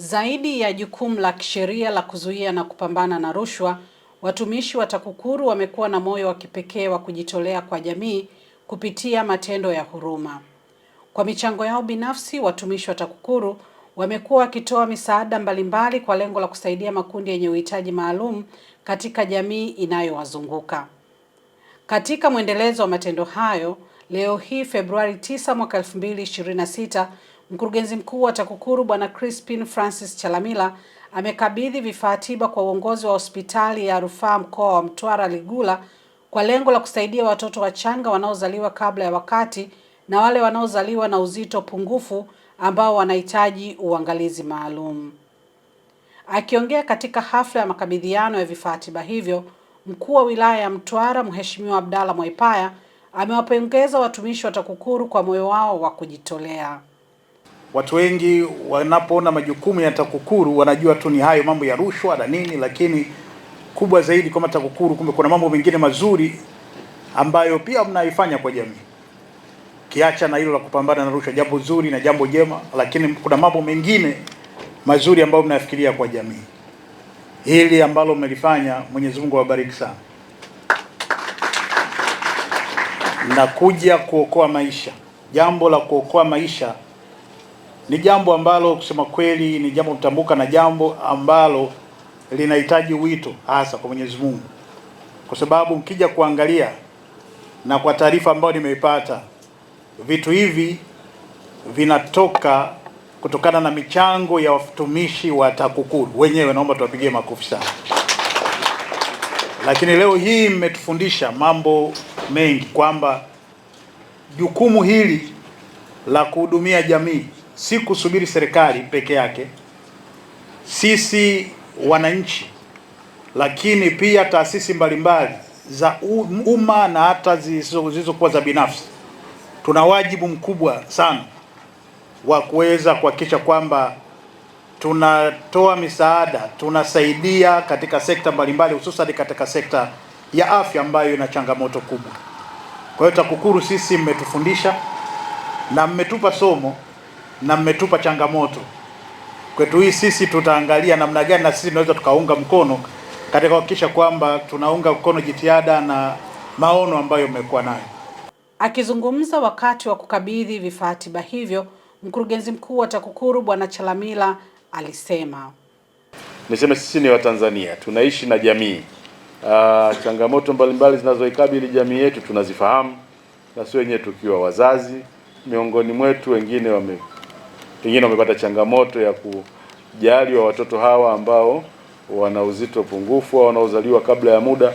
Zaidi ya jukumu la kisheria la kuzuia na kupambana na rushwa, watumishi wa TAKUKURU wamekuwa na moyo wa kipekee wa kujitolea kwa jamii kupitia matendo ya huruma. Kwa michango yao binafsi, watumishi wa TAKUKURU wamekuwa wakitoa misaada mbalimbali kwa lengo la kusaidia makundi yenye uhitaji maalum katika jamii inayowazunguka. Katika mwendelezo wa matendo hayo, leo hii Februari 9 mwaka 2026 Mkurugenzi Mkuu wa TAKUKURU Bwana Crispin Francis Chalamila amekabidhi vifaa tiba kwa uongozi wa Hospitali ya Rufaa Mkoa wa Mtwara Ligula kwa lengo la kusaidia watoto wachanga wanaozaliwa kabla ya wakati na wale wanaozaliwa na uzito pungufu ambao wanahitaji uangalizi maalum. Akiongea katika hafla ya makabidhiano ya vifaa tiba hivyo, Mkuu wa Wilaya ya Mtwara Mheshimiwa Abdalla Mwaipaya amewapongeza watumishi wa TAKUKURU kwa moyo wao wa kujitolea. Watu wengi wanapoona majukumu ya TAKUKURU wanajua tu ni hayo mambo ya rushwa na nini, lakini kubwa zaidi kama TAKUKURU kumbe kuna mambo mengine mazuri ambayo pia mnaifanya kwa jamii, kiacha na hilo la kupambana na rushwa, jambo zuri na jambo jema, lakini kuna mambo mengine mazuri ambayo mnafikiria kwa jamii. Hili ambalo mmelifanya, Mwenyezi Mungu awabariki sana, na kuja kuokoa maisha, jambo la kuokoa maisha ni jambo ambalo kusema kweli ni jambo mtambuka na jambo ambalo linahitaji wito hasa kwa Mwenyezi Mungu, kwa sababu mkija kuangalia na kwa taarifa ambayo nimeipata, vitu hivi vinatoka kutokana na michango ya watumishi wa TAKUKURU wenyewe. Naomba tuwapigie makofi sana. Lakini leo hii mmetufundisha mambo mengi kwamba jukumu hili la kuhudumia jamii si kusubiri serikali peke yake, sisi wananchi, lakini pia taasisi mbalimbali za umma na hata zilizokuwa za binafsi, tuna wajibu mkubwa sana wa kuweza kuhakikisha kwamba tunatoa misaada, tunasaidia katika sekta mbalimbali, hususan katika sekta ya afya ambayo ina changamoto kubwa. Kwa hiyo TAKUKURU sisi mmetufundisha na mmetupa somo na mmetupa changamoto kwetu hii. Sisi tutaangalia namna gani na sisi tunaweza tukaunga mkono katika kuhakikisha kwamba tunaunga mkono jitihada na maono ambayo mmekuwa nayo. Akizungumza wakati wa kukabidhi vifaa tiba hivyo, mkurugenzi mkuu wa TAKUKURU Bwana Chalamila alisema, niseme sisi ni Watanzania, tunaishi na jamii aa, ah, changamoto mbalimbali zinazoikabili jamii yetu tunazifahamu, na sio wenyewe tukiwa wazazi, miongoni mwetu wengine wame pengine wamepata changamoto ya kujaliwa watoto hawa ambao wana uzito pungufu au wanaozaliwa kabla ya muda.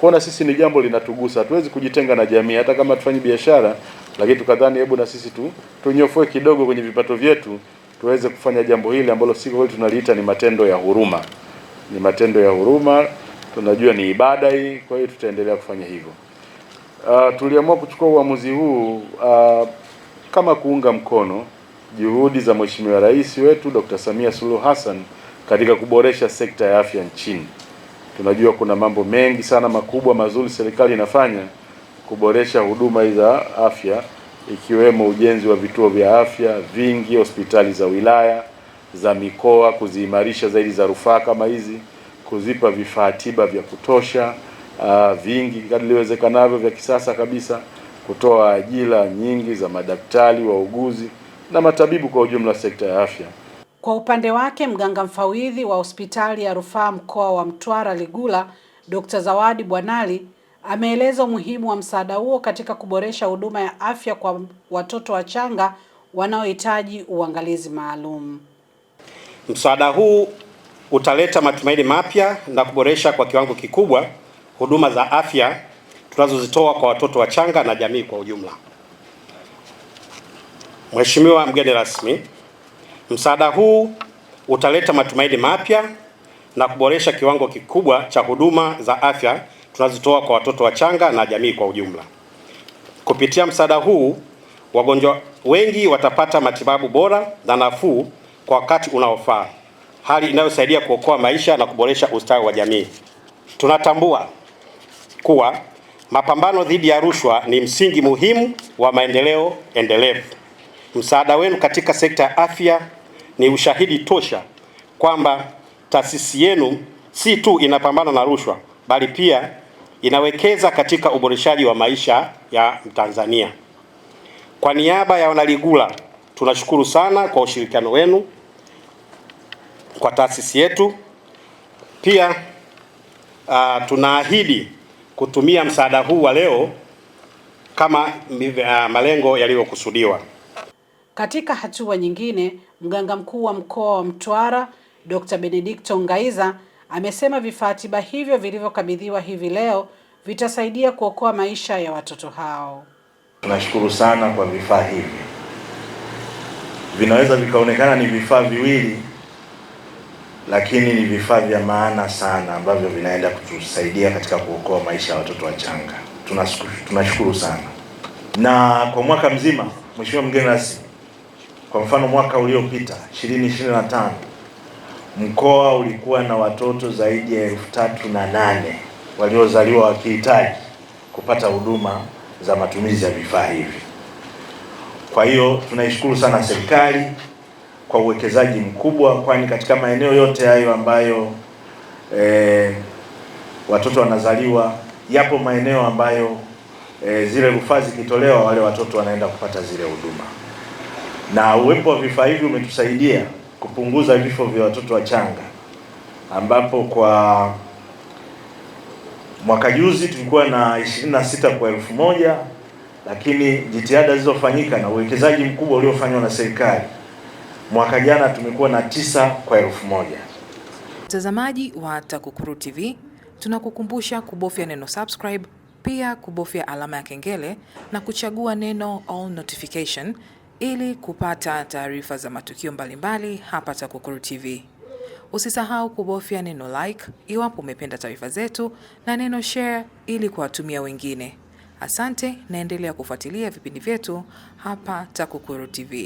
Kuona sisi ni jambo linatugusa, hatuwezi kujitenga na jamii, hata kama tufanyi biashara, lakini tukadhani hebu na sisi tu tunyofue kidogo kwenye vipato vyetu tuweze kufanya jambo hili ambalo si kweli, tunaliita ni matendo ya huruma, ni matendo ya huruma. Tunajua ni ibada hii, kwa hiyo tutaendelea kufanya hivyo. Uh, tuliamua kuchukua uamuzi huu uh, kama kuunga mkono juhudi za Mheshimiwa Rais wetu Dr. Samia Suluhu Hassan katika kuboresha sekta ya afya nchini. Tunajua kuna mambo mengi sana makubwa mazuri serikali inafanya kuboresha huduma za afya ikiwemo ujenzi wa vituo vya afya vingi, hospitali za wilaya, za mikoa, kuziimarisha zaidi za rufaa kama hizi, kuzipa vifaa tiba vya kutosha uh, vingi kadri iwezekanavyo vya kisasa kabisa, kutoa ajira nyingi za madaktari, wauguzi na matabibu kwa ujumla sekta ya afya. Kwa upande wake mganga mfawidhi wa hospitali ya rufaa mkoa wa Mtwara Ligula, Dr. Zawadi Bwanali ameeleza umuhimu wa msaada huo katika kuboresha huduma ya afya kwa watoto wachanga wanaohitaji uangalizi maalum. Msaada huu utaleta matumaini mapya na kuboresha kwa kiwango kikubwa huduma za afya tunazozitoa kwa watoto wachanga na jamii kwa ujumla. Mheshimiwa mgeni rasmi, msaada huu utaleta matumaini mapya na kuboresha kiwango kikubwa cha huduma za afya tunazotoa kwa watoto wachanga na jamii kwa ujumla. Kupitia msaada huu, wagonjwa wengi watapata matibabu bora na nafuu kwa wakati unaofaa, hali inayosaidia kuokoa maisha na kuboresha ustawi wa jamii. Tunatambua kuwa mapambano dhidi ya rushwa ni msingi muhimu wa maendeleo endelevu. Msaada wenu katika sekta ya afya ni ushahidi tosha kwamba taasisi yenu si tu inapambana na rushwa bali pia inawekeza katika uboreshaji wa maisha ya Mtanzania. Kwa niaba ya wanaligula tunashukuru sana kwa ushirikiano wenu kwa taasisi yetu. Pia uh, tunaahidi kutumia msaada huu wa leo kama uh, malengo yaliyokusudiwa. Katika hatua nyingine, mganga mkuu wa mkoa wa Mtwara Dr. Benedicto Ngaiza amesema vifaa tiba hivyo vilivyokabidhiwa hivi leo vitasaidia kuokoa maisha ya watoto hao. Tunashukuru sana kwa vifaa hivi, vinaweza vikaonekana ni vifaa viwili, lakini ni vifaa vya maana sana ambavyo vinaenda kutusaidia katika kuokoa maisha ya watoto wachanga. Tunashukuru sana, na kwa mwaka mzima, Mheshimiwa mgeni rasmi kwa mfano mwaka uliopita 2025 mkoa ulikuwa na watoto zaidi ya elfu tatu na nane waliozaliwa wakihitaji kupata huduma za matumizi ya vifaa hivi. Kwa hiyo tunaishukuru sana serikali kwa uwekezaji mkubwa, kwani katika maeneo yote hayo ambayo e, watoto wanazaliwa, yapo maeneo ambayo e, zile rufaa zikitolewa, wale watoto wanaenda kupata zile huduma na uwepo wa vifaa hivi umetusaidia kupunguza vifo vya watoto wachanga, ambapo kwa mwaka juzi tulikuwa na 26 kwa elfu moja, lakini jitihada zilizofanyika na uwekezaji mkubwa uliofanywa na serikali mwaka jana tumekuwa na tisa kwa elfu moja. Mtazamaji wa TAKUKURU TV, tunakukumbusha kubofya neno subscribe, pia kubofya alama ya kengele na kuchagua neno all notification ili kupata taarifa za matukio mbalimbali hapa TAKUKURU TV. Usisahau kubofya neno like iwapo umependa taarifa zetu na neno share ili kuwatumia wengine. Asante, naendelea kufuatilia vipindi vyetu hapa TAKUKURU TV.